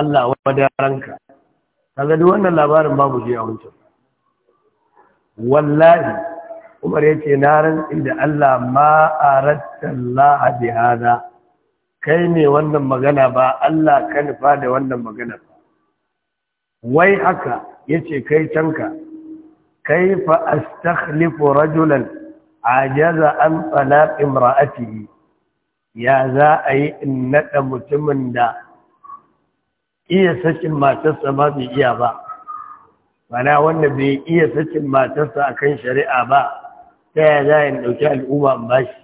Allah kaga duk wannan labarin babu shi a wancan wallahi Umar yace na ran da Allah ma aratta Allah bi hada kai ne wannan magana ba Allah ka nufa da wannan magana wai haka yace kai canka kaifa astakhlifu rajulan ajaza an talaq imra'atihi ya za a yi in nada mutumin da iya sakin matarsa ba bai iya ba mana wanda bai iya sakin matarsa a kan shari'a ba ta yaya za a ɗauki al'umma in bashi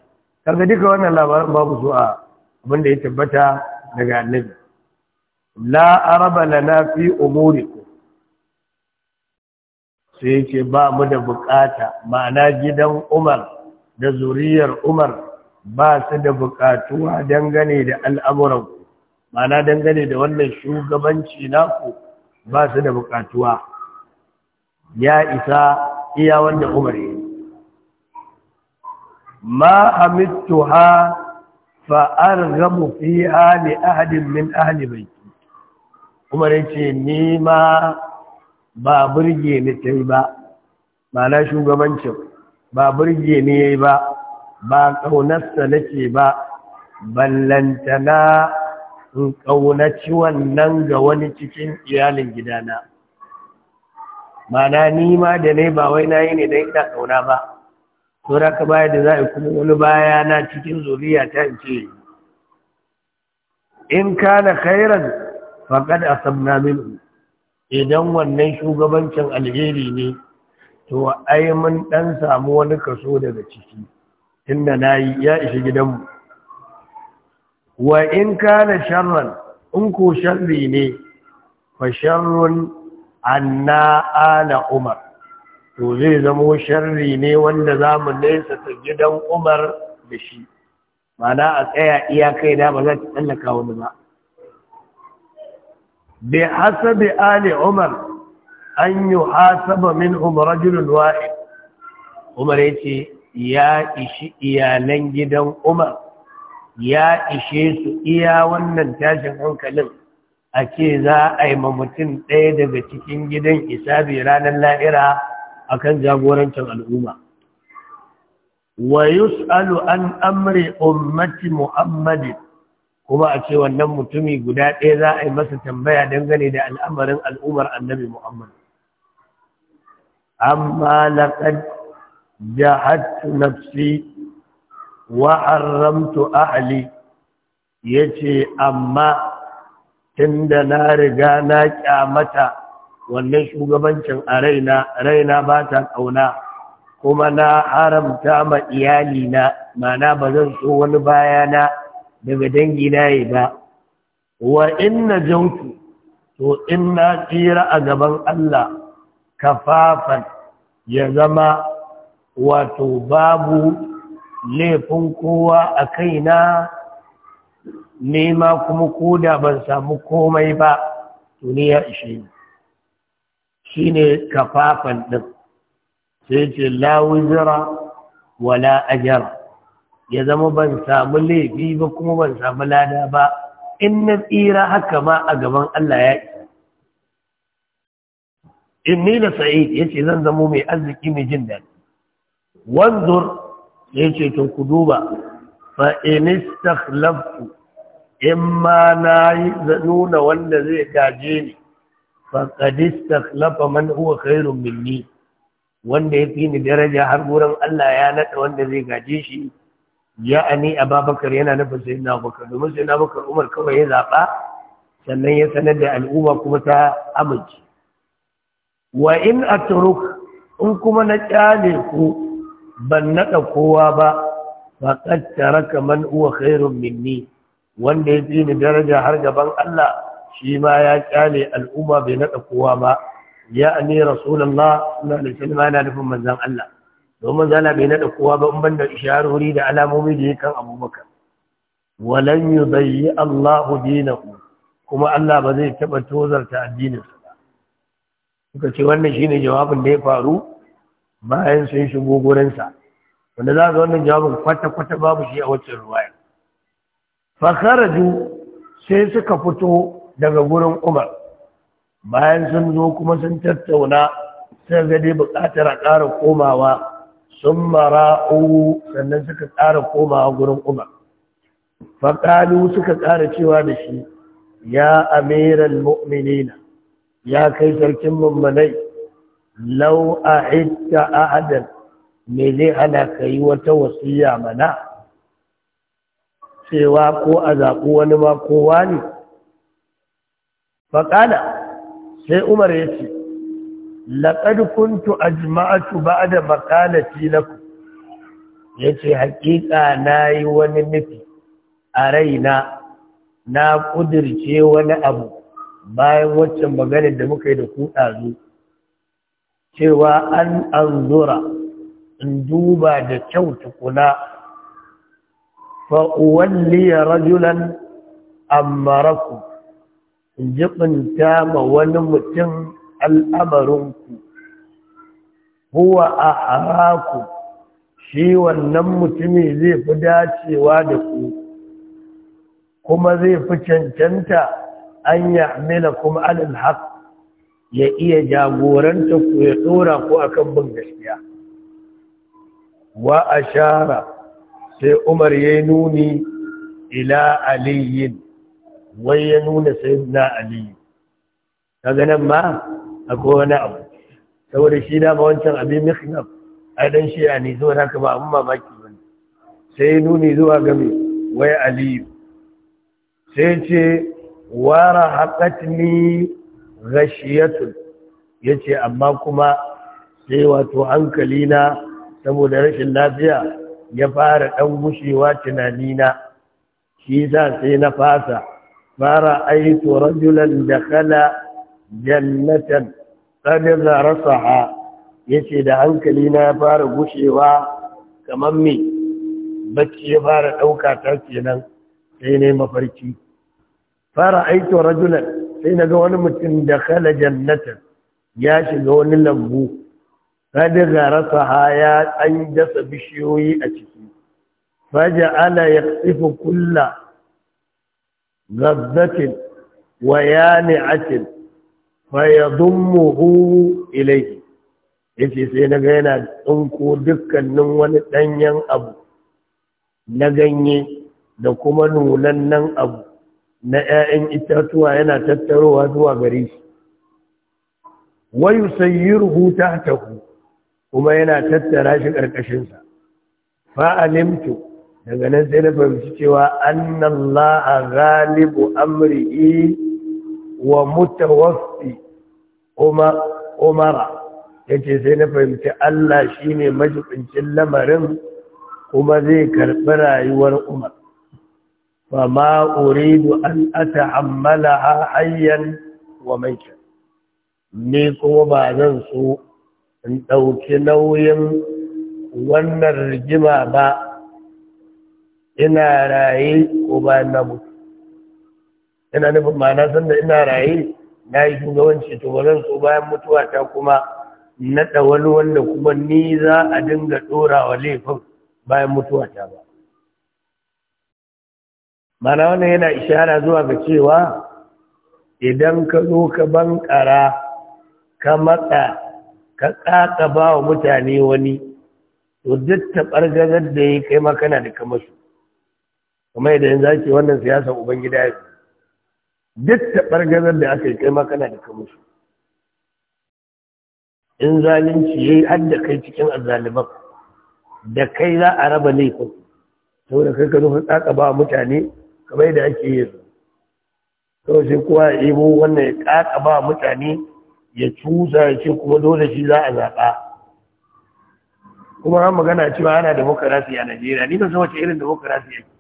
kaga duka wannan labarin babu su a abin da ya tabbata daga annabi la araba lana fi umurikum sai yake ba mu da bukata ma'ana gidan Umar da zuriyar Umar ba su da bukatuwa dangane da al'amuranku. mana dangane da wannan shugabanci naku ba su da bukatuwa ya isa iya wanda umar yi ma hamittuha fa arghamu fiha li ahadin min ahli baiti umar yace ce ma ba burge ni ta yi ba mana shugabancin ba burge ni ya yi ba ba ƙaunarsa nake ba ballantana in ƙaunaci nan ga wani cikin iyalin gidana mana ni ma da ne ba wai na yi ne don ina ƙauna ba saura ka baya da za a kuma wani baya na cikin zuriya ta in ce in ka na kairan faƙar a samna minhu idan wannan shugabancin alheri ne to ai mun ɗan samu wani kaso daga ciki tunda yi ya ishi gidanmu wa in kana sharran in ko sharri ne fa sharrun anna ala umar to zai zama sharri ne wanda za mu nesa ta gidan umar da shi mana a tsaya iyakai da ba za ta tsallaka wani ba bi hasabi ali umar an yi hasaba min umar rajulun wa'id umar ya ce ya ishi iyalan gidan umar ya ishe su iya wannan tashin hankalin a ce za a yi ma mutum ɗaya daga cikin gidan isabi ranar la'ira a kan jagorancin al'umma wa yus'alu an amri ummati muhammadin kuma a ce wannan mutumi guda ɗaya za a yi masa tambaya dangane da al'amarin al'ummar annabi Muhammad. Amma laƙad jahat nafsi wa'arramtu ahli ya ce amma tunda na riga na ƙyamata, wannan shugabancin a raina raina ba ta ƙauna kuma na haramta ma iyalina mana ba zan so wani bayana daga na yi ba wa inna jautu to inna na tsira a gaban Allah kafafan ya zama wato babu laifin kowa a kaina nema kuma koda ban samu komai ba tuni ya ishe ni shi ne kafafan ɗin sai ce lawuzira wala ajara ya zama ban samu laifi ba kuma ban samu lada ba in na tsira haka ma a gaban Allah ya isa in ni da sa'id ya ce zan zamo mai arziki mai jin daɗi wanzur ya ce to ku duba fa in in ma na yi nuna wanda zai gaje ni fa istakhlafa man huwa khairun minni wanda ya fi ni daraja har gurin Allah ya nada wanda zai gaje shi ya'ani ababakar yana nufin sai na bakar domin sai na bakar umar kawai ya zaɓa sannan ya sanar da al'umma kuma ta amince wa in atruk in kuma na kyale ku ban naɗa kowa ba faƙad taraka man uwa khairun minni wanda ya fi ni daraja har gaban Allah shi ma ya kyale al'umma bai naɗa kowa ba ya ne rasulullah sallallahu alaihi wasallam yana nufin manzon Allah domin zala bai naɗa kowa ba in banda isharori da alamomi da yakan abubakar walan yi Allahu dinahu kuma Allah ba zai taɓa tozarta addininsa ba suka ce wannan shine jawabin da ya faru bayan sun shigo gurinsa wanda za ga wannan jawabin kwata-kwata babu shi a wacce ruwaya fakaraju sai suka fito daga gurin umar bayan sun zo kuma sun tattauna sai ga dai buƙatar a ƙara komawa sun mara uwu sannan suka ƙara komawa gurin umar fakalu suka ƙara cewa da shi ya amiran mu'minina ya kai sarkin mummanai lau a a ahadan me zai hana ka yi wata wasiya mana cewa ko a zaɓi wani ma kowa ne faƙala sai umar ya ce laƙar kuntu a jima'atu ba da makalaci na ku ya ce haƙiƙa na yi wani nufi a raina na ƙudirce wani abu bayan waccan maganin da muka yi da ku ɗazu cewa an anzura in duba da kyau tukuna fa'uwalliya rajulan amaraku in jibinta ma wani mutum al'amarinku huwa a haraku shi wannan mutumi zai fi dacewa da ku kuma zai fi cancanta an yi amina kuma alil haka. ya iya jagoranta ku ya ko ku akan bin gaskiya wa ashara sai umar ya nuni ila aliyin wai ya nuna sayyidina aliyu kaga nan ma akwai wani abu saboda shi dama wancan abin mihnaf a dan shi ne zuwa haka ba amma mamaki bane sai ya nuni zuwa ga wai aliyu sai ce wara haƙatni ya ce, amma kuma sai wato hankali na saboda rashin lafiya ya fara ɗan gushewa tunani na shi sa sai na fasa fara aitu rajulan kala jannatan ha ya ce da hankali na ya fara gushewa kamar mai, bacci ya fara ɗaukata kenan sai ne mafarki fara aito rajulan sai na ga wani mutum da kala jannata ya shiga wani lambu kada ga rasa haya an dasa bishiyoyi a ciki faja ala ya tsifi kulla gazzatin wa atin fa ya ilai. Ya ce sai na ga yana tsinko dukkanin wani ɗanyen abu na ganye da kuma nan abu na 'ya'yan itatuwa yana tattarowa zuwa gare shi wayu sayyiruhu tahtahu kuma yana tattara shi ƙarƙashinsa. sa fa daga nan sai na fahimci cewa annallaha ghalibu amrihi wa mutawaffi umar umara yace sai na fahimci Allah shine majibincin lamarin kuma zai karɓi rayuwar umar فما أريد أن أتحملها حيا وميتا ba zan so in ɗauki nauyin wannan rigima ba ina raye ko ba na mutu ina nufin ma'ana sanda ina raye na yi shugabanci to ba zan so bayan mutuwa ta kuma naɗa wani wanda kuma ni za a dinga ɗora wa laifin bayan mutuwa ta ba mana wannan yana ishara zuwa ga cewa idan ka zo ka bankara ka matsa ka tsaka ba wa mutane wani to duk taɓargazar da ya kai makana da su kuma idan za ki wannan siyasa ubangida ya duk taɓargazar da aka yi kai makana da su in zalunci ya yi hadda kai cikin azaliman da kai za a raba laifin saboda kai ka zo ka tsaka ba mutane kamar da ake yi su kawai sai kuwa ya ibo wannan ya ƙaƙa ba mutane ya cusa ya ce kuma dole shi za a zaɓa kuma an magana cewa ana demokarasi a najeriya ni ba san wace irin demokarasi yake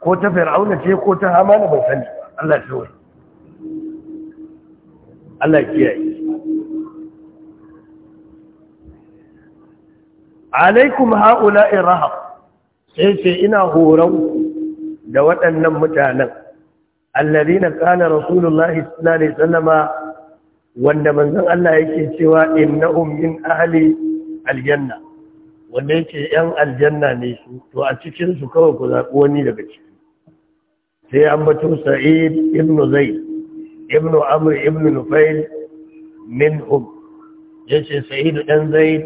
ko ta fir'auna ce ko ta na bai sani Allah ya tsawai Allah kiyaye alaikum haula'i rahab sai ce ina horon da waɗannan mutanen allazina kana rasulullahi sallallahu alaihi wasallama wanda manzon Allah yake cewa innahum min ahli aljanna wanda yake yan aljanna ne su to a cikin su kawai ku zaɓi wani daga ciki sai an sa'id ibn zaid ibn amr ibn nufail minhum yace sa'id dan zaid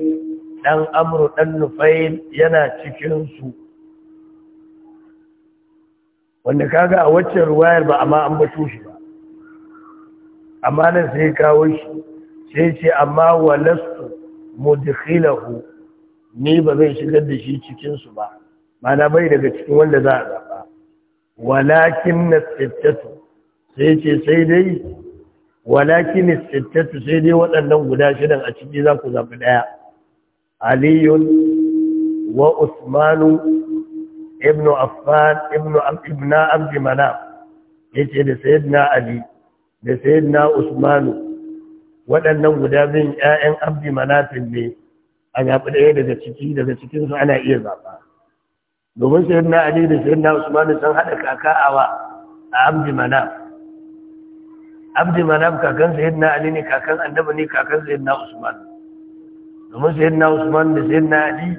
dan amr dan nufail yana cikin su wanda kaga a waccan ruwayar ba amma an bato shi ba amma nan sai kawo shi sai ce amma walastu mudkhilahu ni ba zai shigar da shi cikin su ba mana bai daga cikin wanda za a zaba walakin nasittatu sai ce sai dai walakin nasittatu sai dai waɗannan guda shidan a ciki za ku ɗaya. daya aliyun wa usmanu ibnu affan ibnu ibna abdi manaf yace da sayyidina ali da sayyidina usmanu waɗannan guda bin ƴaƴan abdi manafin ne a zaɓi ɗaya daga ciki daga cikin su ana iya zaɓa domin sayyidina ali da sayyidina usmanu sun haɗa kaka awa a abdi manaf abdi manaf kakan sayyidina ali ne kakan annabi ne kakan sayyidina usman domin sayyidina usman da sayyidina ali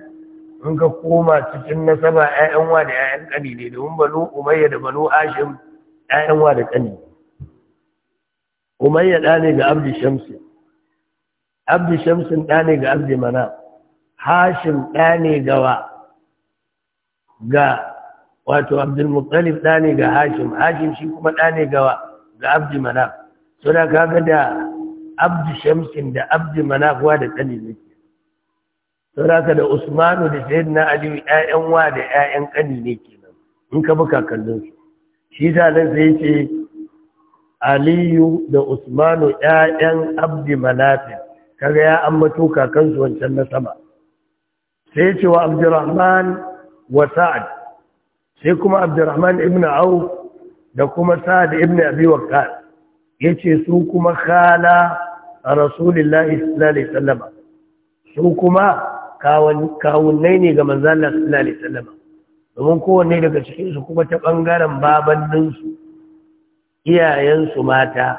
in ka koma cikin nasaba ƴaƴan wa da ƴaƴan kani ne domin banu umayya da banu ashim ƴaƴan wa da kani umayya da ne ga abdi shamsi abdi shamsin da ne ga abdi mana hashim da ne ga wa ga wato abdulmuttalib da ne ga hashim hashim shi kuma da ne ga wa ga abdi mana so da kaga da abdi shamsin da abdi mana kuwa da kani ne don da usmanu da sayid na aliyu ƴaƴan wa da 'ya'yan ƙani ne kenan in ka bi kakanninsu shi sa nan sai ce aliyu da usmanu 'ya'yan abdi manafin kaga ya ambato kakansu wancan na sama sai ce wa abdurrahman wa sa'ad sai kuma abdurrahman ibn auf da kuma sa'ad ibn abi waqqas yace su kuma khala rasulillahi sallallahu alaihi su kuma kawunai ne ga manzan Allah sallallahu domin kowanne daga cikinsu kuma ta ɓangaren babanninsu, iyayensu mata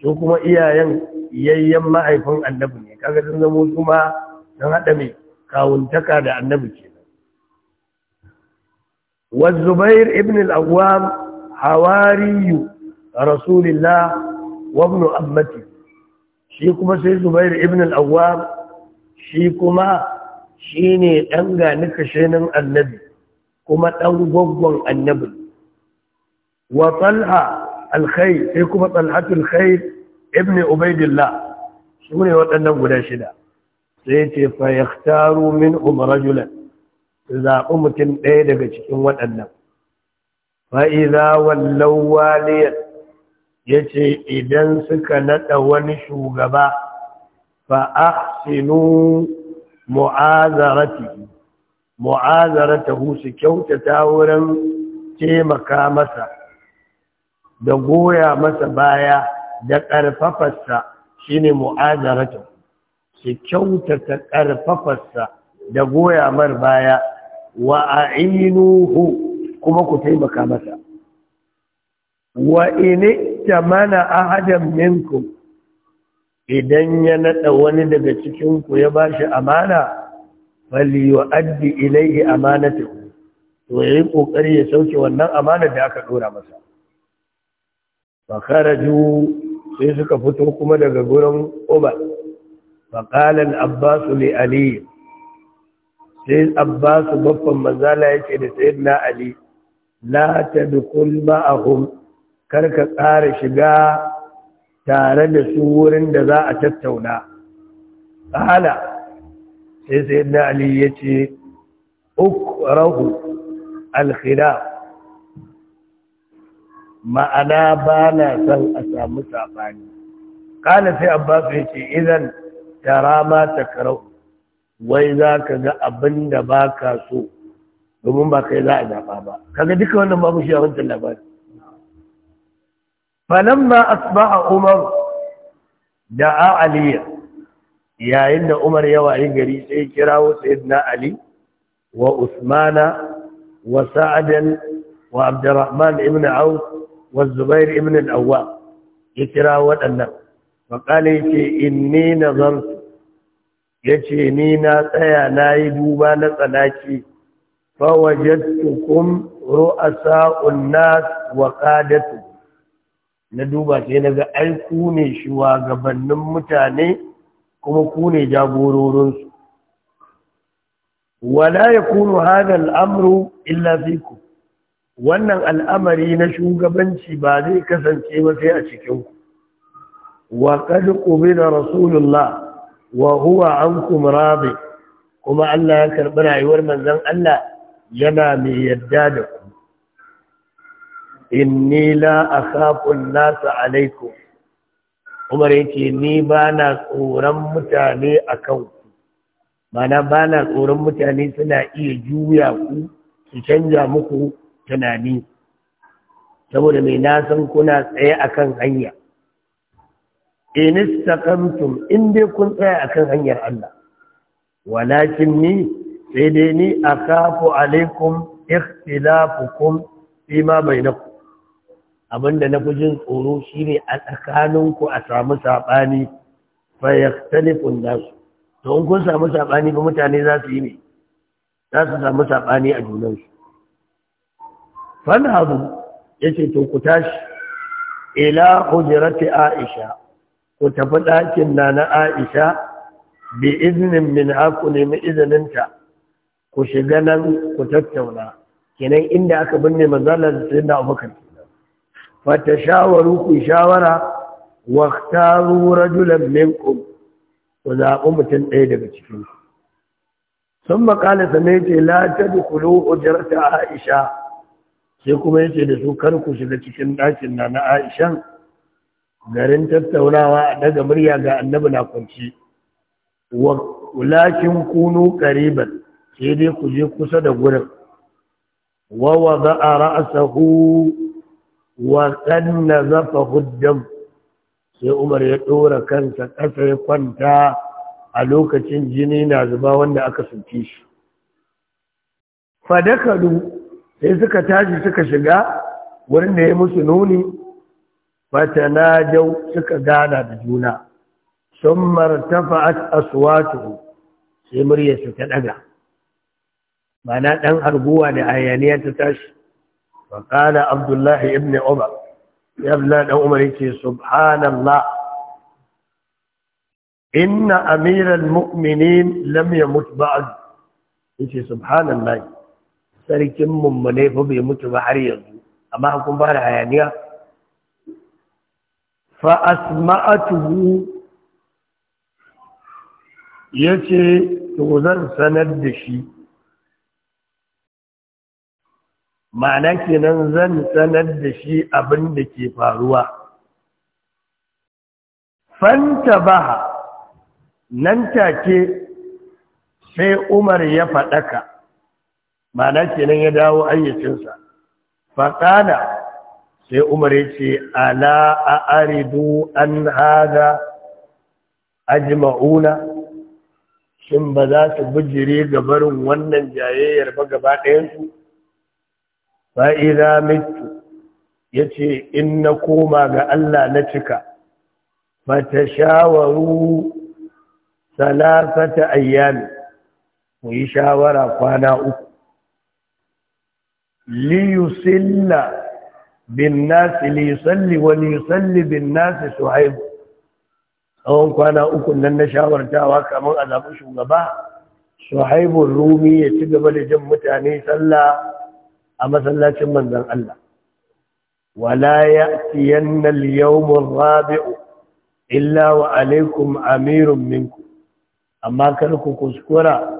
su kuma iyayen yayyen ma'aifin annabi ne kaga sun zamo su ma sun haɗa mai kawuntaka da annabi ke والزبير ابن الأقوام حواري رسول الله وابن أمته shi kuma sai zubair ibn al'awwam shi kuma shi ne ɗan gani kashenin annabi kuma ɗan gwaggon annabi wa talha alkhair sai kuma talhatul khair ibn ubaidillah su ne waɗannan guda shida sai ce fa yaktaru min umarajulan zaɓi mutum ɗaya daga cikin waɗannan fa'iza wallon waliyar ya ce idan suka naɗa wani shugaba fa'a sinu mu'azarati mu'azaratahu su kyautata wurin taimaka masa da goya masa baya da ƙarfafarsa shine mu'azaratahu su kyautata ƙarfafarsa da goya mar baya wa a'inuhu kuma ku taimaka masa wa mana a ahadan minkum idan ya naɗa wani daga cikinku ya ba shi amana faliyo addi ilaihi amanatu to ya yi ƙoƙari ya sauke wannan amana da aka ɗora masa kharaju sai suka fito kuma daga gurin qala al-abbas li ali sai abbasu babban manzala yake da sayyidina ali la tadkhul dukul Kar ka ƙara shiga tare da su wurin da za a tattauna ƙala sai sai na ali ya ce ukrahu alkhida ma'ana ba na son a samu safani ƙala sai abbasu ya ce idan tara ma ta karau wai za ka ga abin da ba ka so domin ba kai za a zaɓa ba kaga duka wannan babu shi a wancan labarin falamma asbaha umar da'a aliya yayin da umar ya wayi gari sai kirawo sayyidina ali wa usmana wa sa'adan wa abdurrahman ibn auf wa zubair ibn al-awwam ya kirawo waɗannan faƙala yace inni nazartu yace ni na tsaya nayi duba na tsanaki fawajadtukum ru'asa'un nas wa qadatuhum na duba sai na ga ai ku ne shugabannin mutane kuma ku ne jagororinsu wala ya kunu hada al'amru illa ku. wannan al'amari na shugabanci ba zai kasance ba sai a cikinku wa kada ƙobe da rasulullah wa huwa an kuma kuma Allah ya karɓi rayuwar manzan Allah yana mai yadda da ku inni la akhafun nasa alaikum Umar yace ni ba na tsoron mutane akan ku mana ba na tsoron mutane suna iya juya ku su canja muku tunani saboda mai na san kuna tsaye akan hanya in istaqamtum in dai kun tsaya akan hanyar Allah walakin ni sai dai ni akhafu alaikum ikhtilafukum fima bainakum abinda na fi jin tsoro shine a tsakaninku a samu saɓani fayaktalifun nasu to in kun samu saɓani ba mutane za su yi ne za su samu saɓani a junansu fanhazu ya ce to ku tashi ila hujirati aisha ku tafi ɗakin na na aisha bi iznin min haku nemi izininta ku shiga nan ku tattauna kenan inda aka binne mazalar da abokan fatashawaru ku shawara waqtaru rajulan minkum ku zaɓi mutum ɗaya daga cikin ku sun makala sanai ce la ta dukulu ujarta aisha sai kuma yace da su kar ku shiga cikin ɗakin na aisha aishan garin tattaunawa daga murya ga annabi na kunci walakin kunu qariban sai dai ku je kusa da gurin wa wada'a ra'sahu wa zafa nazafa sai Umar ya ɗora kansa ƙasar ya kwanta a lokacin jini na zuba wanda aka sunce shi fadakalu sai suka tashi suka shiga wurin da ya musu nuni jau suka gana da juna sun martafa'at aswatuhu sai muryarsa ta daga mana ɗan arguwa da ayyaniya ta tashi fa qala abdullahi ibn umar ya abla dan umar yake subhanallah inna amiral mu'minin lam yamut ba'd yace subhanallah sarkin mummune fa bai mutu ba har yanzu amma kun fara hayaniya fa asma'atuhu yace to zan sanar da shi ma'ana kenan zan sanar da shi abin da ke faruwa fanta baha nan take sai umar ya faɗaka ma'ana kenan ya dawo ayyacinsa faƙada sai umar ya ce ala a aridu an hada ajima'una shin ba za su bijire barin wannan jayayyar ba gaba ɗayansu fa'iza mitu yace ce in na koma ga Allah na cika mata shawaru salasata ayyami mu yi shawara kwana uku liyusilla bin nasi liyusalli wa liyusalli bin nasi shu'aibu tsawon kwana uku nan na shawartawa kamar a zaɓi shugaba shu'aibun rumi ya ci gaba da jan mutane sallah a masallacin manzon Allah wala ya al-yawm rabiu illa wa alaikum amirun minku amma kar ku kuskura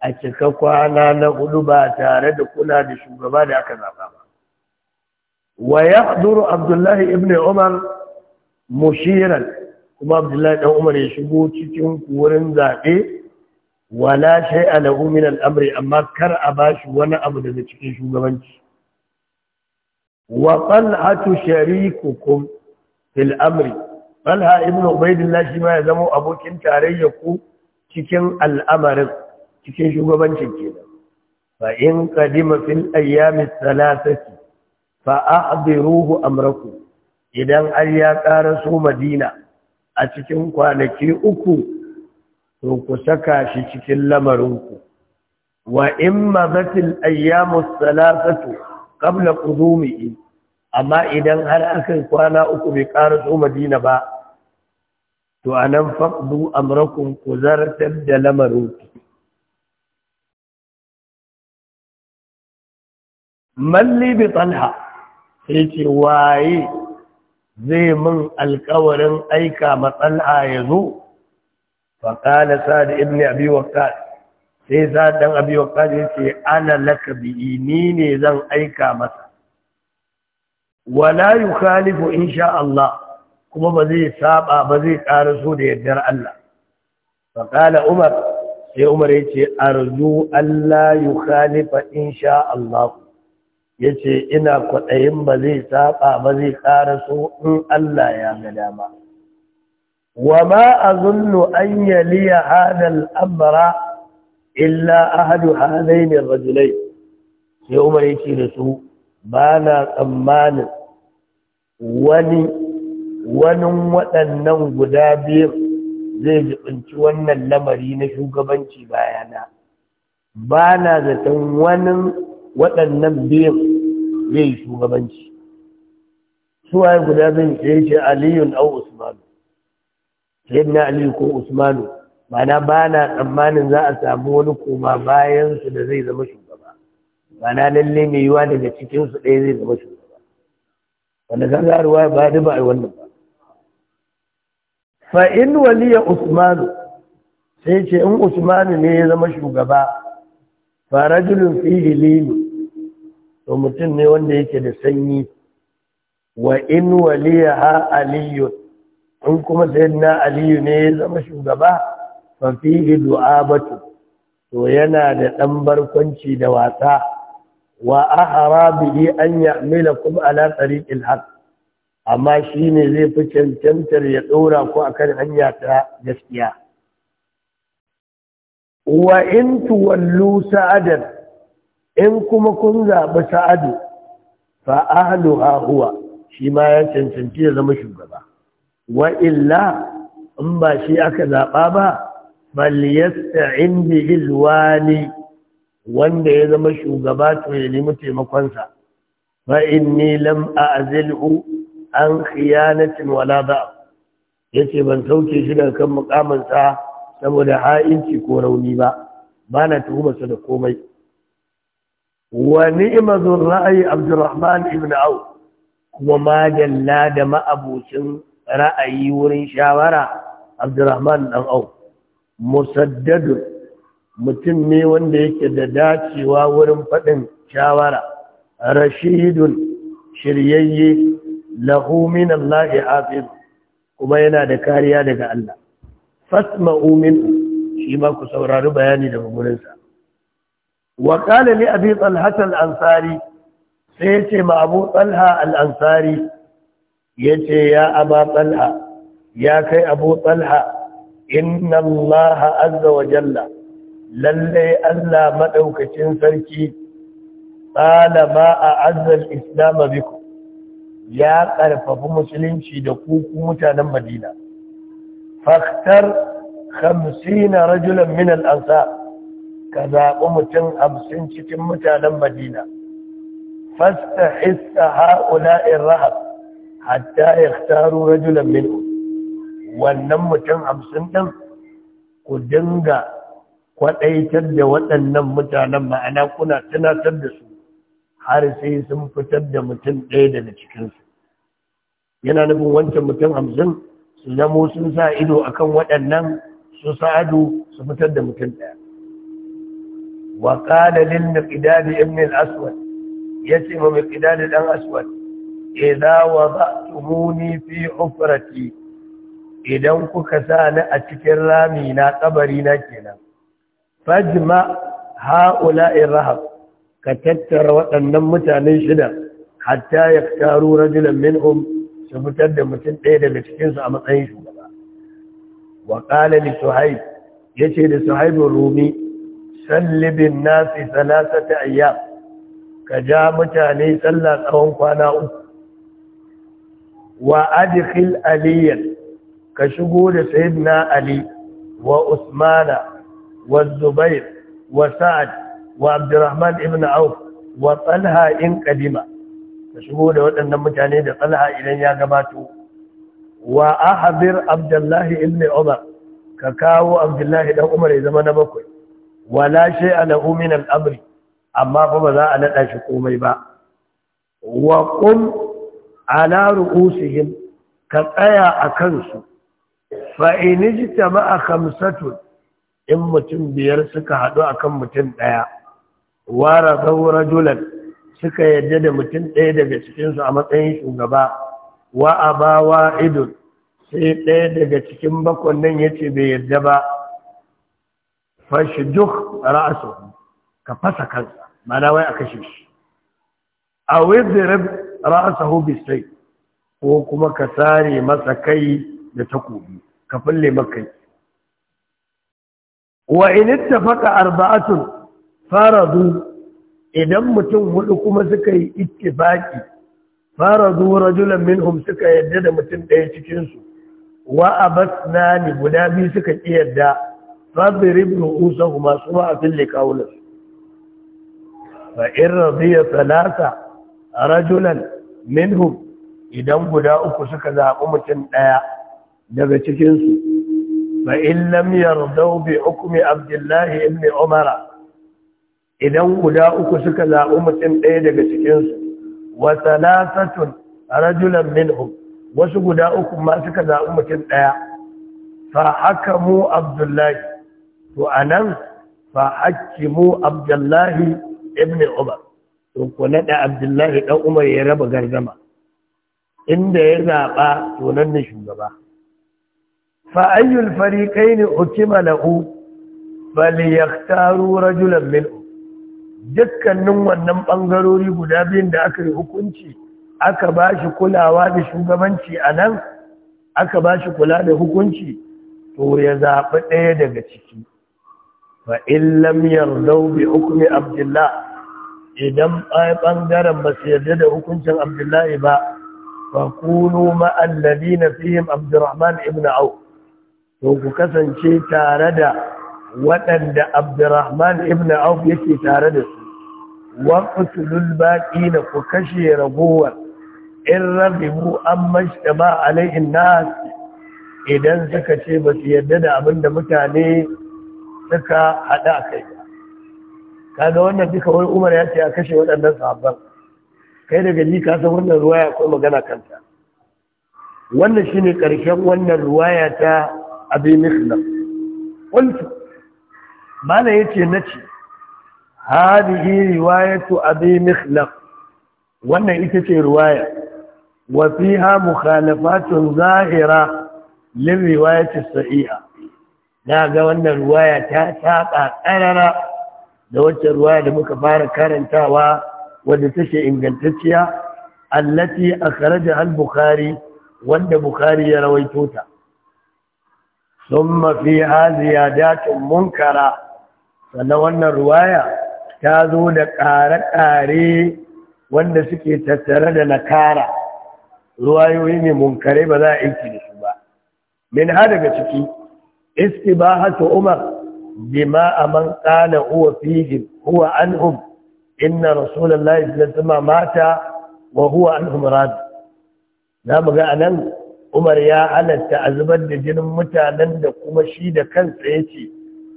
a cika kwana na hudu ba tare da kula da shugaba da aka zaba ba wa yahduru abdullahi ibn umar mushiran kuma abdullahi dan umar ya shigo cikin wurin zaɓe. wala shay'a lahu min al-amri amma kar a bashi wani abu daga cikin shugabanci wa talhatu sharikukum fil amri talha ibn ubaidillah shi ma ya zama abokin tarayya ku cikin al'amarin cikin shugabancin kenan fa in qadima fil ayyami thalathati fa ahdiruhu amraku. idan an ya ƙara madina a cikin kwanaki uku to ku saka shi cikin lamarinku wa in mazatil ayyamus salasatu qabla qudumihi amma idan har aka kwana uku bai karaso madina ba to anan faqdu amrakum ku zartar da lamarinku malli bi talha sai ce waye zai min alkawarin aika matsalha ya zo faƙala sa'ad ibn abi waqqas sai sa'ad dan abi waqqas yace ana laka bi ni ne zan aika masa wala yukhalifu insha Allah kuma ba zai saba ba zai karaso da yardar Allah faƙala umar sai umar yace arzu Allah yukhalifa insha Allah yace ina kwaɗayin ba zai saba ba zai karaso in Allah ya ga dama wa ma azunnu an yaliya hadal illa ahadu hadaini rajulai sai umar yake da su ba tsammanin wani wani waɗannan guda biyu zai jibinci wannan lamari na shugabanci bayana ba na zaton wani waɗannan biyu zai shugabanci suwaye guda biyu sai ce aliyun au Usman. na ali ko usmanu mana ba na tsammanin za a samu wani koma bayan su da zai zama shugaba mana lalle mai yiwa daga cikin su ɗaya zai zama shugaba wanda kan ga ruwa ba da ba a wannan ba fa in waliya usmanu sai ce in usmanu ne ya zama shugaba fa rajulun fihi lilu to mutum ne wanda yake da sanyi wa in waliya ha Aliyu. in kuma sayyidina aliyu ne ya zama shugaba fafihi du'abatu to yana da dan barkwanci da wasa wa ahara bihi an ya'milakum ala tariqil haqq amma shine zai fi cancantar ya dora ku akan hanya ta gaskiya wa in tuwallu sa'adan in kuma kun zaɓi sa'adu fa ahluha huwa shi ma ya cancanci ya zama shugaba wa illa in ba shi aka zaɓa ba falyasta'in bi ilwali wanda ya zama shugaba to ya nemi taimakonsa fa inni lam a'zilhu an khiyanatin wala ba yace ban sauke shi daga kan mukamin sa saboda ha'inci ko rauni ba bana tuhuma sa da komai wa ni'matu ra'ayi abdurrahman ibn au kuma ma da da ma'abucin ra'ayi wurin shawara abdurrahman dan au musaddad mutum ne wanda yake da dacewa wurin faɗin shawara rashidun shiryayye lahu min Allah hafiz kuma yana da kariya daga Allah fasma'u min shi ma ku saurari bayani da gurinsa wa qala li abi talha al-ansari sai ce ma abu talha al-ansari Ya ce ya aba Tsalha ya kai abu Tsalha. inna Allah azza wa jalla lalle allah madaukakin sarki talama a azzal islam biku ya karfafi musulunci da kuku mutanen madina faktar 50 rajulan min al ka zaɓi mutum hamsin cikin mutanen madina fasta hissa ha'ula'in rahab hatta yaktaru rajulan minhu wannan mutum hamsin ɗin ku dinga kwaɗaitar da waɗannan mutanen ma'ana kuna tunatar da su har sai sun fitar da mutum ɗaya daga cikinsu yana nufin wancan mutum hamsin su zamo sun sa ido akan waɗannan su sa'adu su fitar da mutum ɗaya wa ƙalalin na ƙidali ibn al-aswad ya ce ma mai ƙidali ɗan aswad idza wada'tumuni fi hufrati idan kuka sa ni a cikin rami na kabari na kenan fajma in rahab ka tattara waɗannan mutane shida hatta yaktaru rajulan minhum su fitar da mutum ɗaya daga cikinsu a matsayin shugaba wa qala li suhaib yace da suhaibur rumi sallibin nasi salasata ayyam ka ja mutane sallah tsawon kwana uku wa adkhil aliyan ka shigo da sayyidina ali wa usmana wa zubair wa sa'ad wa abdurrahman ibn auf wa talha in kadima ka shigo da waɗannan mutane da talha idan ya gabato wa Habir abdullahi ibn umar ka kawo abdullahi dan umar ya zama na bakwai wala shay ala min al-amri amma fa ba za a nada shi komai ba wa qum ala ru'usihim ka tsaya a kansu fa in a kamsatun in mutum biyar suka haɗu kan mutum ɗaya wara zaura rajulan suka yadda da mutum ɗaya daga cikinsu a matsayin shugaba wa a ba wa idun sai ɗaya daga cikin bakon nan ya ce bai yadda ba fashi duk ra'asu ka fasa kansa na wai a kashe shi a wizirin ra'asahu bisay ko kuma ka sare masa kai da takobi ka fille makai wa in ittafaqa arba'atun faradu idan mutum hudu kuma suka yi ittifaqi faradu rajulan minhum suka yadda da mutum ɗaya cikin su wa abasna ni guda biyu suka ki yadda fadrib ru'usahuma su ma fille kaulas fa in radiya thalatha rajulan minhum idan guda uku suka zaɓi mutum ɗaya daga cikinsu fa in yardau bi abdullahi ibn umara idan guda uku suka zaɓi mutum ɗaya daga cikinsu wa thalathatun rajulan minhum wasu guda uku ma suka zaɓi mutum ɗaya fa hakamu abdullahi to anan fa hakimu abdullahi ibn umar to ko naɗa abdullahi ɗan umar ya raba gargama inda ya zaɓa to nan ne shugaba fa ayyul fariqaini ukima lahu falyaktaru rajulan minhu dukkanin wannan ɓangarori guda biyun da aka yi hukunci aka ba shi kulawa da shugabanci a nan aka ba shi kula da hukunci to ya zaɓi ɗaya daga ciki fa illam yardau bi hukmi abdullah idan ɓangaren ba su yarda da hukuncin abdullahi ba fa kunu ma'an na fihim abdurrahman ibn au to ku kasance tare da waɗanda abdurrahman ibn au yake tare da su waƙusulul baƙi na ku kashe ragowar in rabibu an mashta ba alaihin nas idan suka ce ba su yarda da abin da mutane suka haɗa kai kaga wannan duka wani umar ya ce a kashe waɗannan sahabban kai daga ji ka san wannan ruwaya ko magana kanta wannan shine ƙarshen wannan ruwaya ta abi mihla qultu mala yace nace hadihi riwayatu abi mihla wannan ita ce ruwaya wa fiha mukhalafatun zahira lil riwayati sahiha ga wannan ruwaya ta ta ƙarara da wacce ruwa da muka fara karantawa wadda take ingantacciya allati akhraja al-bukhari wanda bukhari ya rawaito ta thumma fi datun munkara sana wannan ruwaya ta zo da ƙare-ƙare wanda suke tattare da nakara ruwayoyi ne munkare ba za a aiki da su ba min ha daga ciki istibahatu umar دماء aman قال هو فيهم هو عنهم إن na الله صلى الله عليه وسلم مات وهو عنهم راض na anan Umar ya halatta a da jinin mutanen da kuma shi da kansa ya ce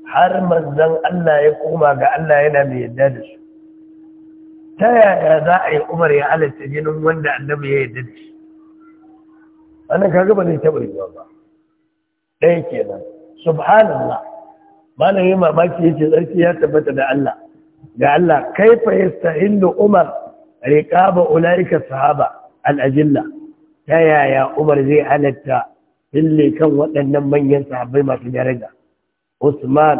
har manzan Allah ya koma ga Allah yana mai yadda da su ta yaya za a yi Umar ya halatta jinin wanda annabi ya yadda da shi wannan kaga ba zai taɓa yiwuwa ba ɗaya kenan subhanallah malamin mamaki yake sarki ya tabbata da Allah ga Allah kaifa yastahillu Umar riqaba ulaika sahaba al-ajilla ta yaya Umar zai halatta ille kan waɗannan manyan sahabbai masu daraja Usman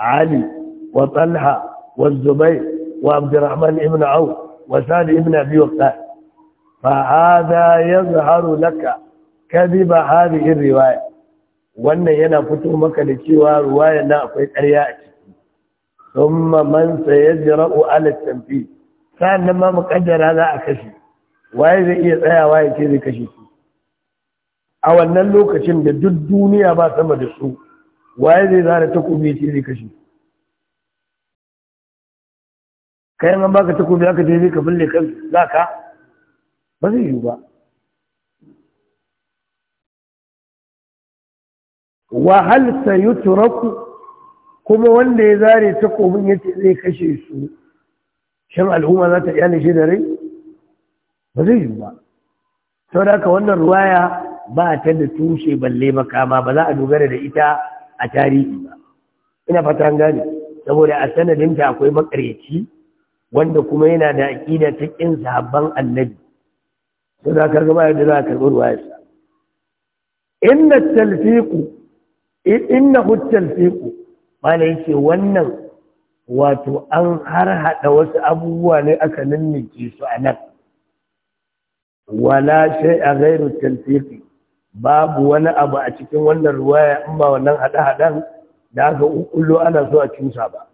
Ali wa Talha wa Zubayr wa Abdurrahman ibn Auf wa Sa'd ibn Abi Waqqas fa hadha yazharu laka kadhiba hadhihi riwayah wannan yana fito maka da cewa ruwayan na akwai ƙarya a ciki thumma man jira'u ala tanfi nan ma muqaddara za a kashe waye zai iya tsayawa ya ce zai kashe su a wannan lokacin da duk duniya ba sama da su waye zai zara takobi ya ce zai kashe su kayan an baka takobi aka je zai ka fille kan zaka ba zai yiwu ba wa hal sayutraku kuma wanda ya zare takobin yace zai kashe su shin al'umma za ta kyale shi da rai ba zai yi ba da haka wannan ruwaya ba ta da tushe balle makama ba za a dogara da ita a tarihi ba ina fata an gane saboda a sanadinta akwai makareci wanda kuma yana da aƙida ta ƙin sahabban annabi Sau da ka karɓi ba yadda za ka karɓi ruwayarsa inna talfiqu inna huttal fiku mana yake wannan wato an har hada wasu abubuwa ne aka ninnike su a nan wala shay a gairu babu wani abu a cikin wannan ruwaya in ba wannan hada hadan da aka kullu ana so a cusa ba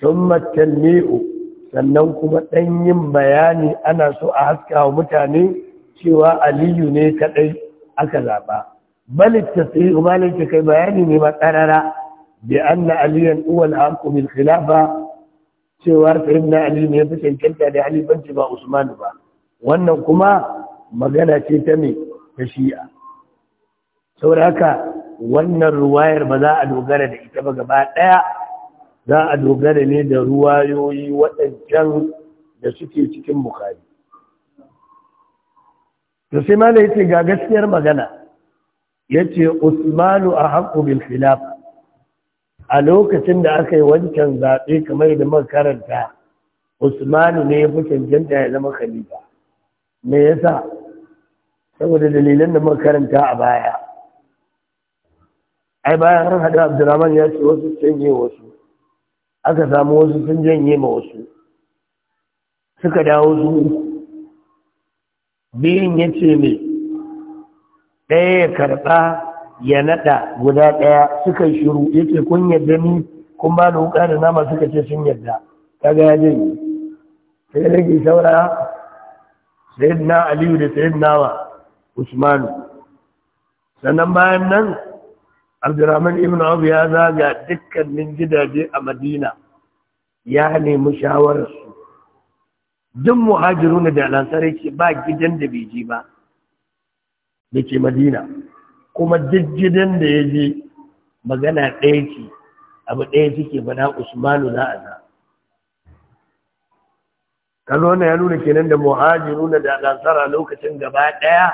summa tanmi'u sannan kuma dan yin bayani ana so a haska wa mutane cewa aliyu ne kaɗai aka zaba بل التصريح مالك كبياني مما قرر بأن عليا هو الحق بالخلافة cewar sayyidina ali ne fi cancanta da halifanci ba usman ba wannan kuma magana ce ta me ta shi'a saboda haka wannan ruwayar ba za a dogara da ita ba gaba daya za a dogara ne da ruwayoyi waɗancan da suke cikin bukari to sai ma da yace ga gaskiyar magana yace Usmanu ahqqu bil khilaf a lokacin da aka yi wancan zaɓe kamar da muka karanta Usmanu ne ya fi cancanta ya zama khalifa me yasa saboda dalilan da muka karanta a baya ai bayan har hada Abdurrahman ya ce wasu sun je wasu aka samu wasu sun janye ma wasu suka dawo su Biyin ya ce mai ɗaya ya karɓa ya naɗa guda ɗaya suka yi shiru ya ce kun yadda ni kun ba da wuƙa da nama suka ce sun yadda kaga ya janye sai rage saura sayid na aliyu da sayid nawa usmanu sannan bayan nan abdurrahman ibn abu ya zaga dukkanin gidaje a madina ya nemi shawararsu duk muhajiru da alansar ke ba gidan da bai ji ba da ke madina kuma jijjidan da ya je magana ɗaya ce abu ɗaya suke faɗa usmanu na aza Kano na ya nuna kenan da nuna da nasara lokacin gaba ɗaya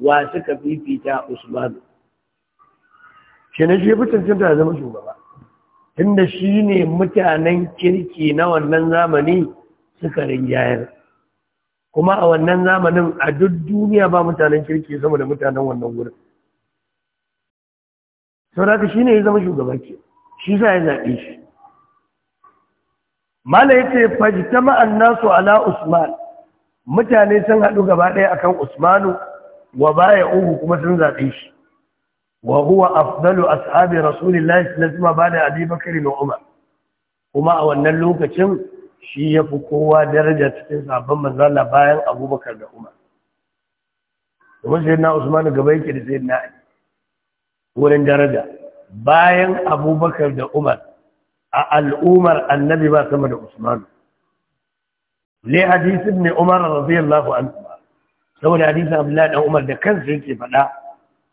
wa suka fifita usmanu kenan shi fi cancanta ya zama shugaba tunda shi ne mutanen kirki na wannan zamani suka rinjayar kuma a wannan zamanin a duk duniya ba mutanen kirki sama da mutanen wannan wurin sauraka shi ne ya zama shugaba ke shi za ya zaɓe shi mala ya ce ma'an annasu ala usman mutane sun haɗu gaba ɗaya akan usmanu wa baya uhu kuma sun zaɓe shi wa huwa afdalu ashabi rasulillahi sallallahu alaihi wasallam bada abi da umar kuma a wannan lokacin shi ya fi kowa daraja cikin sabon manzala bayan abubakar da umar kuma sai na usmanu gaba yake da sai na wurin daraja bayan abubakar da umar a al'umar annabi ba sama da usmanu le hadisi ne umar an kuma saboda hadisi abdullahi dan umar da kansa yake faɗa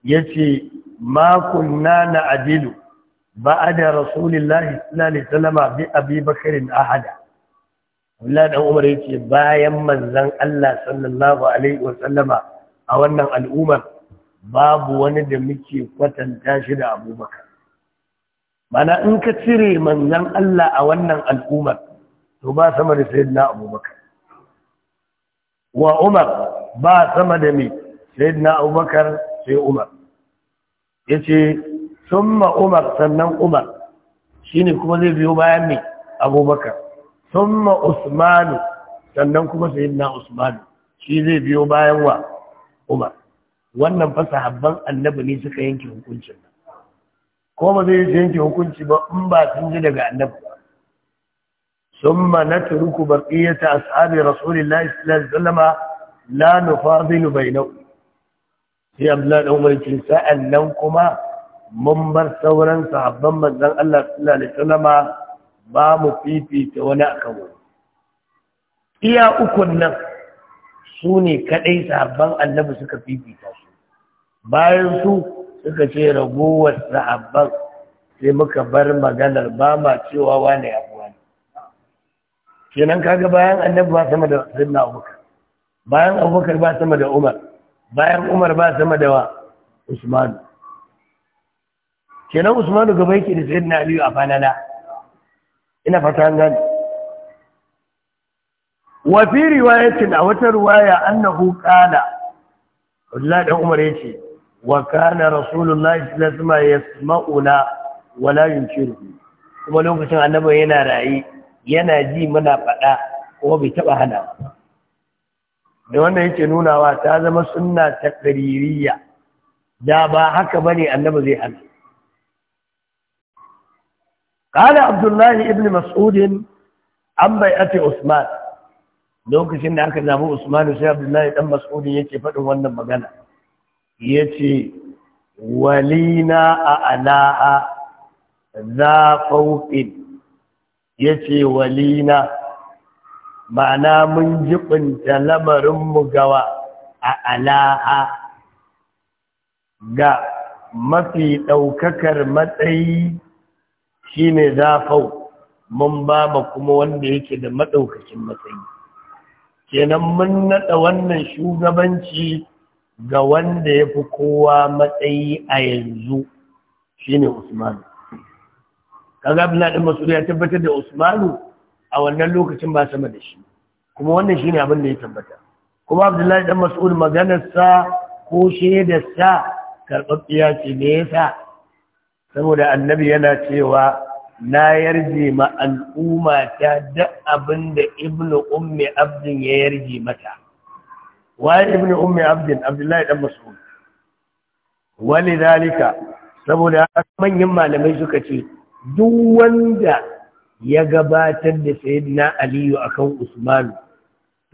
ya ce makon na adilu ba a da rasulillahi sallallahu alaihi wasallam bi abi bakr ahada Abdullahi dan Umar yace bayan manzon Allah sallallahu alaihi wasallama a wannan al'ummar babu wani da muke kwatanta shi da Abubakar mana in ka cire manzon Allah a wannan al'ummar to ba sama da sayyidina Abubakar wa Umar ba sama da me sayyidina Abubakar sai Umar yace summa Umar sannan Umar shine kuma zai biyo bayan me Abubakar thumma usmanu sannan kuma sayyidina usmanu shi zai biyo bayan wa umar wannan fa sahabban annabi ne suka yanke hukuncin nan ko ba zai yanke hukunci ba in ba sun ji daga annabi ba thumma natruku baqiyata ashabi rasulillahi sallallahu alaihi wasallam la nufadilu bainahum sai abdullahi dan umar ce sa'an nan kuma mun bar sauran sahabban manzon Allah sallallahu alaihi wasallama ba mu fifita wani kan wani iya ukun nan su ne kaɗai sahabban annabi suka fifita su bayan su suka ce ragowar sahabban sai muka bar maganar ba ma cewa wane ya fi wani kenan kaga bayan annabi ba sama da sayyidina abubakar bayan abubakar ba sama da umar bayan umar ba sama da wa usmanu kenan usmanu gaba yake da sayyidina aliyu a fanana ina fata an gane wa fi riwayatin a wata riwaya annahu qala Allah dan Umar yace wa kana rasulullahi sallallahu alaihi wasallam yasma'una wa la yunkiru kuma lokacin annabi yana rayi yana ji muna fada kuma bai taba hana da wannan yake nunawa ta zama sunna ta da ba haka ne annabi zai hana قال عبد الله ابن مسعود an Usman lokacin da aka zabi Usman sai Abdullahi dan Mas'ud yake faɗin wannan magana yace walina a alaha za fawqin yace walina ma'ana mun jibin talabarin mu gawa a alaha ga mafi ɗaukakar matsayi shi ne zafau mun ba kuma wanda yake da maɗaukacin matsayi kenan mun naɗa wannan shugabanci ga wanda ya fi kowa matsayi a yanzu shi ne usmanu kaga abin ɗin masu ya tabbatar da usmanu a wannan lokacin ba sama da shi kuma wannan shi ne abin da ya tabbata kuma abdullahi dan mas'ud maganarsa ko shaidarsa karɓaɓɓiya ce me yasa saboda annabi yana cewa na yarje ma al'umma ta duk abin da ibnu ummi abdin ya yarje mata wa ibnu ummi abdin abdullahi dan mas'ud wani saboda manyan malamai suka ce duk wanda ya gabatar da sayyidina aliyu akan usman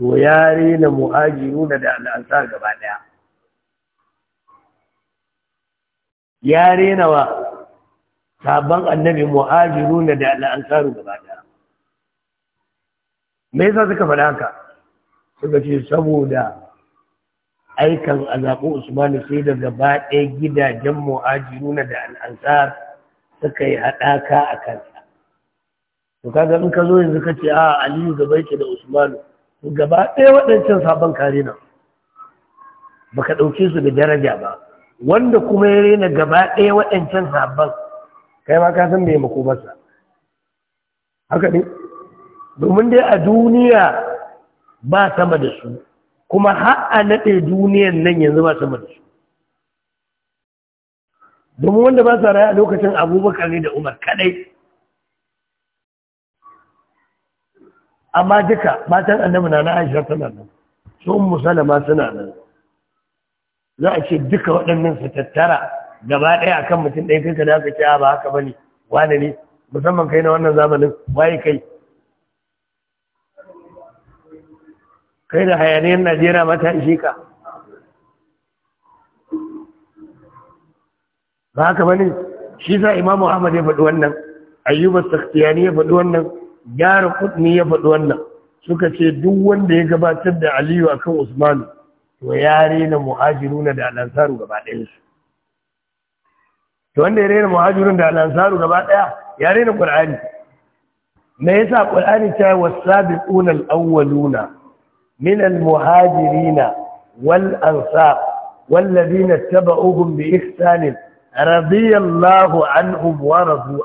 to ya rena na da al'ansar gaba daya ya rena wa sabon annabi muhajiruna da al'ansaru gaba daya me yasa suka faɗa haka suka ce saboda aikan a zaɓi usmanu sai da gaba ɗaya gidajen muhajiruna da al'ansar suka yi haɗaka a kansa to kaga in ka zo yanzu ka ce a aliyu gaba yake da usmanu gaba ɗaya waɗancan sabon kare nan baka ɗauke su da daraja ba wanda kuma ya rena gaba ɗaya waɗancan sabon kai ma ka san me makomarsa haka ne domin dai a duniya ba sama da su kuma har a naɗe duniyar nan yanzu ba sama da su domin wanda ba sa raya a lokacin abubakar ne da umar kadai amma duka matan annabi na na aisha tana nan su ummu suna nan za a ce duka waɗannan su tattara gaba ɗaya a kan mutum ɗaya kai ka da ka ce ba haka ne wane ne musamman kai na wannan zamanin waye kai kai da hayaniyar najeriya mata ishe ka ba haka ba ne, shi sa imamu ahmad ya faɗi wannan ayyuba sakhtiyani ya faɗi wannan gyara kudni ya faɗi wannan suka ce duk wanda ya gabatar da aliyu akan usmanu to ya rena muhajiruna da al'ansaru gaba ɗayansu to wanda ya rena muhajirin da lansaru gaba daya ya rena qur'ani me yasa qur'ani ta wasabiquna alawwaluna min almuhajirina wal ansar والذين اتبعوهم بإحسان رضي الله عنهم ورضوا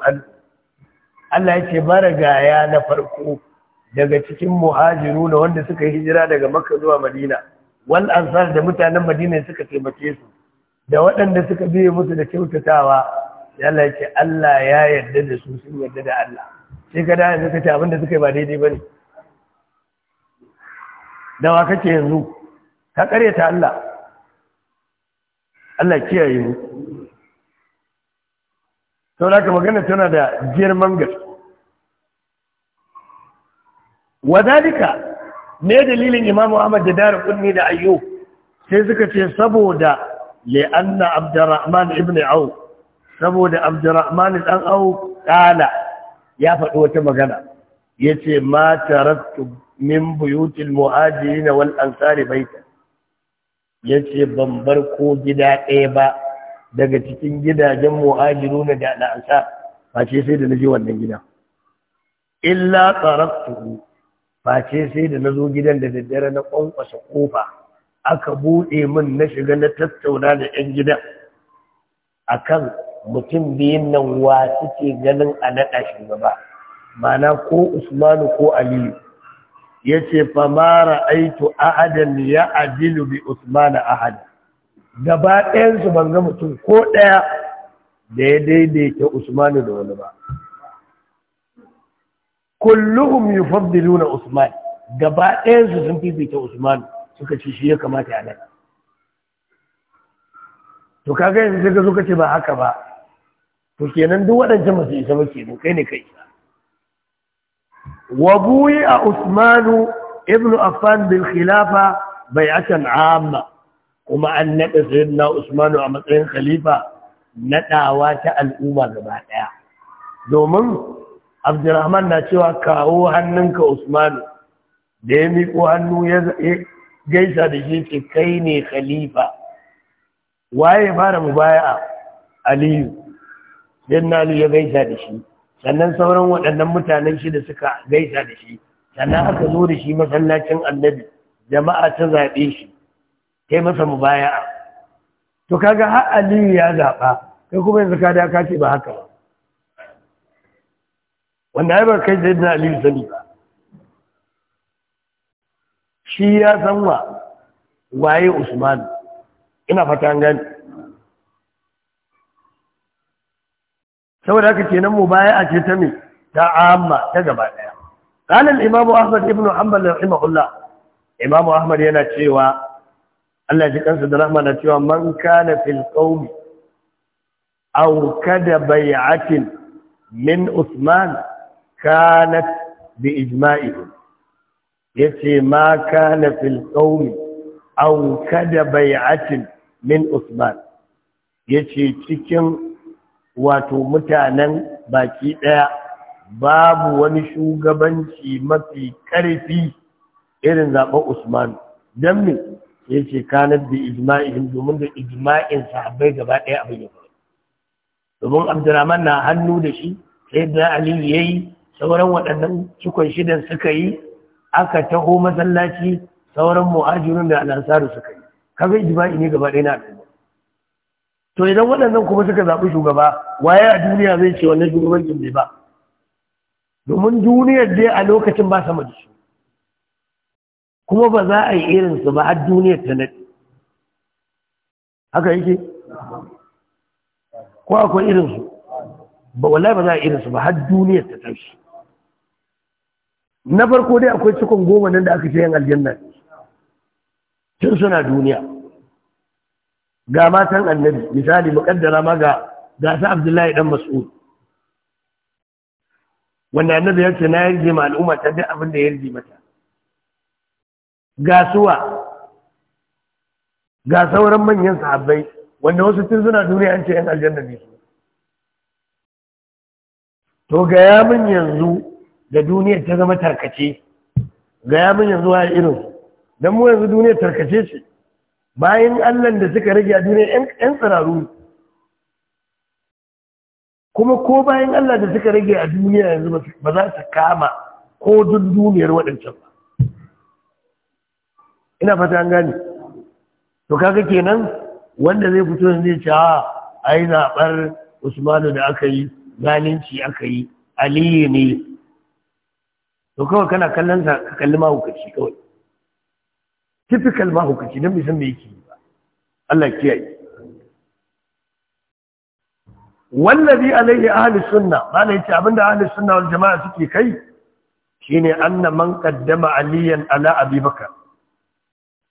Allah yake maragaya na farko daga cikin muhajiruna wanda suka hijira daga Makka zuwa Madina wal ansar da mutanen Madina suka taimake su da waɗanda suka biye musu da kyautatawa ya Allah ce Allah ya yarda da su sun yarda da Allah sai ka da yanzu ka ce abin da suka yi ba daidai ba ne wa kake yanzu ka ta Allah Allah kiyaye mu sau da magana tana da girman gaske wadalika ne dalilin imamu ahmad da darin kunni da ayyo sai suka ce saboda li'anna abdurrahman ibn au saboda abdurrahman dan au kala ya faɗi wata magana yace ma taraktu min buyutil muhajirin wal ansari baita yace ban bar ko gida ɗaya ba daga cikin gidajen muhajiruna da al'ansar face sai da naje wannan gidan illa taraktu face sai da nazo gidan da daddare na kwankwasa kofa aka buɗe min na shiga na tattauna da 'yan gida. A kan mutum biyun nan wa suke ganin a naɗa shugaba mana ko usmanu ko aliyu ya ce famara aitu ahadan ya adilu bi usmanu ahad gaba ɗayansu ban ga mutum ko ɗaya da ya daidaita usmanu da wani ba kulluhum yufaddiluna usman gaba ɗayansu sun fifita Usmanu. suka ce shi ya kamata ya naɗa to kaga yanzu sai ka zo ka ce ba haka ba to kenan duk waɗancan masu isa ba kenan kai ne kai wa buyi a usmanu ibnu affan bil khilafa bai bai'atan amma kuma an naɗa na usmanu a matsayin khalifa naɗawa ta al'umma gaba ɗaya domin abdulrahman na cewa kawo hannunka usmanu da ya miƙo hannu gaisa da shi ce kai ne khalifa waye fara mubaya'a aliyu dan nalu ya gaisa da shi sannan sauran waɗannan mutanen shi da suka gaisa da shi sannan aka zo da shi masallacin annabi jama'a ta zaɓe shi kai masa baya. to kaga har aliyu ya zaba, kai kuma yanzu ka da ka ce ba haka ba wanda ai ba kai da aliyu sani ba shi ya san wa waye usman ina fata an gani saboda haka kenan mu baya a ce ta me ta amma ta gaba daya قال الإمام أحمد ابن حنبل رحمه الله إمام أحمد yana cewa Allah ji kansa da rahma na cewa man kana fil qawmi aw kada bay'atin min usman kanat bi ijma'ihim yace ma kana fil qawmi aw kada bayatin min usman yace cikin wato mutanen baki ɗaya, babu wani shugabanci mafi ƙarfi, irin zaben usman dan me yace kana bi ijma'ihim domin da ijma'in sahabbai gaba daya abin ya domin abdurrahman na hannu da shi sai da ali yayi sauran waɗannan cikon shidan suka yi aka taho masallaci sauran mu'ajirun da al'ansaru suka yi kaga ijma'i ne gaba ɗaya na al'umma to idan waɗannan kuma suka zaɓi shugaba waye a duniya zai ce wannan shugabancin bai ba domin duniyar dai a lokacin ba sama da su kuma ba za a yi irin su ba har duniyar ta naɗi haka yake ko akwai irin su ba wallahi ba za a yi irin su ba har duniyar ta tashi na farko dai akwai cikon goma nan da aka ce yan aljanna tun suna duniya ga matan annabi misali muƙaddara ma ga gasa abdullahi dan mas'ud wanda annabi ya ce na yarje ma al'umma ta duk abin da ya yarje mata gasuwa ga sauran manyan sahabbai wanda wasu tun suna duniya an ce yan aljanna ne to ga yamin yanzu da duniyar ta zama tarkace ga min yanzu wa irin don mu yanzu duniyar tarkace ce bayan allan da suka rage a duniyar yan tsararu kuma ko bayan allah da suka rage a duniya yanzu ba za su kama ko duk duniyar waɗancan ba ina fata an gane to kaga kenan wanda zai fito zai ce a ah, ai zaɓar usmanu da aka yi zalunci aka yi aliyu ne to kawai kana kallon sa ka kalli mahukaci kawai typical mahukaci, don bai san yake ba Allah kiyaye wallazi alaihi ahli sunna malai yace abinda ahli sunna wal jama'a suke kai shine anna man qaddama aliyan ala Abibakar.